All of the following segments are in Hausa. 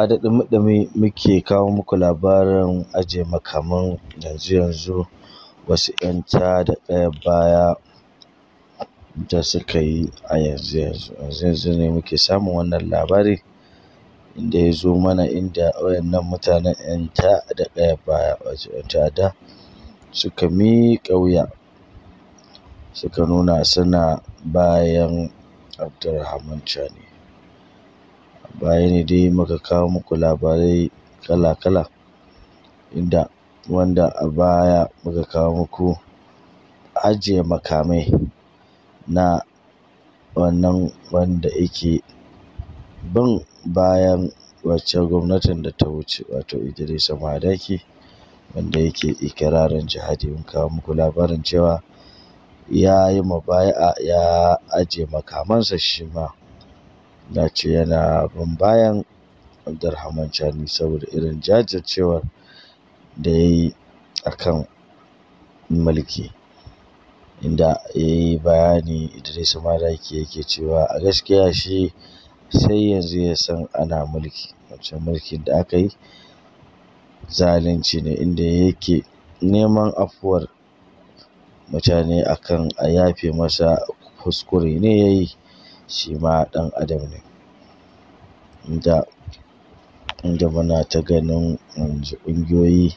a da ɗumi muke kawo muku labarin ajiye makaman yanzu-yanzu, wasu 'yan da ɗaya baya da suka yi a yanzu-yanzu. yanzu yanzu ne muke samun wannan labari da ya zo mana inda waɗannan mutanen 'yan da ɗaya baya wato 'yan ta'adda suka miƙa wuya suka nuna suna bayan Abdurahaman Chani. baya ne dai muka kawo muku labarai kala kala inda wanda a baya muka kawo muku ajiye makamai na wannan wanda yake bin bayan waccan gwamnatin da ta wuce wato Idrisa Madaki wanda yake ikirarin jihadi mun kawo muku labarin cewa ya yi mubaya'a ya ajiye makamansa shi ma na ce yana bin bayan Abdulrahman Chani saboda irin jajircewar da ya yi a kan mulki inda ya yi bayani Idris Madaki yake cewa a gaskiya shi sai yanzu ya san ana mulki wancan mulkin da aka yi zalunci ne inda yake neman afuwar mutane akan a yafe masa kuskure ne ya yi shi ma ɗan adam ne inda inda muna ta ganin ƙungiyoyi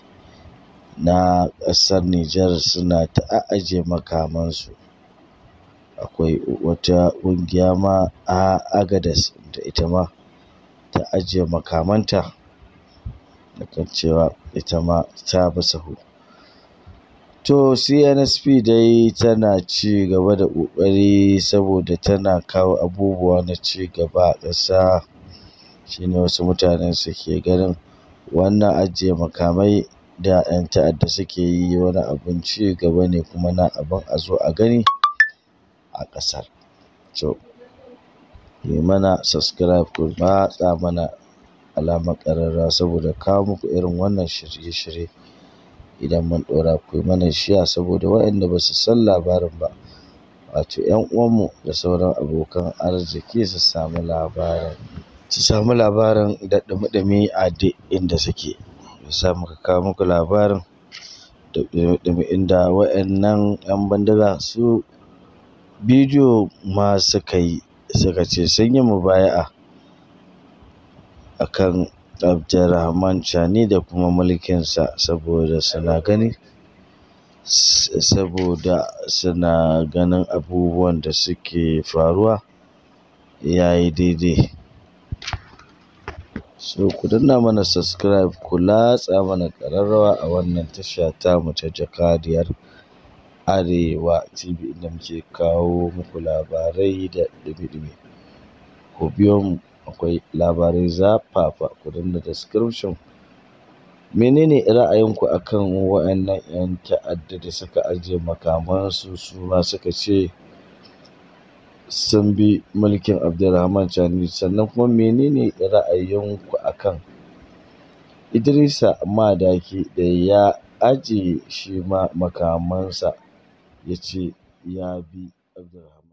na ƙasar Nijar suna ta a'aje makamansu akwai wata ƙungiya ma a Agadez da ita ma ta ajiye makamanta da kan cewa ita ma ta bi sahu. To CNSP dai tana ci gaba da ƙoƙari saboda tana kawo abubuwa na ci gaba a ƙasa shi ne wasu mutanensu ke ganin wannan ajiye makamai da 'yan ta'adda suke yi wani abun ci gaba ne kuma na abin a zo a gani a ƙasar. To, yi mana subscribe ku matsa mana alamar ƙararrawa saboda kawo muku irin wannan shirye-shirye. idan mun ɗora ku mana shiya saboda waɗanda ba su san labarin ba wato ‘yan uwanmu da sauran abokan arziki su samu labarin su samu labarin da ɗumi-ɗumi a duk inda suke sa muka kawo muku labarin da ɗumi-ɗumi inda waɗannan ‘yan bandaga su bidiyo ma suka yi suka ce sun yi mubaya'a akan Abderrahman Chani da kuma mulkinsa, saboda suna ganin abubuwan da suke faruwa ya yi daidai. So ku danna mana subscribe, ku latsa mana ƙararrawa a wannan tasha mu ta Jakadiyar Arewa TV inda muke kawo muku labarai da ɗumi-ɗumi. Ku biyo mu. akwai labarai zafafa ku danna description menene ra'ayinku akan wa'annan 'yan ta'adda da suka ajiye makamansu su ma suka ce sun bi mulkin abdulrahman chani sannan kuma menene ra'ayinku akan idrisa madaki da ya ajiye shi ma makamansa ya ce ya bi abdulrahman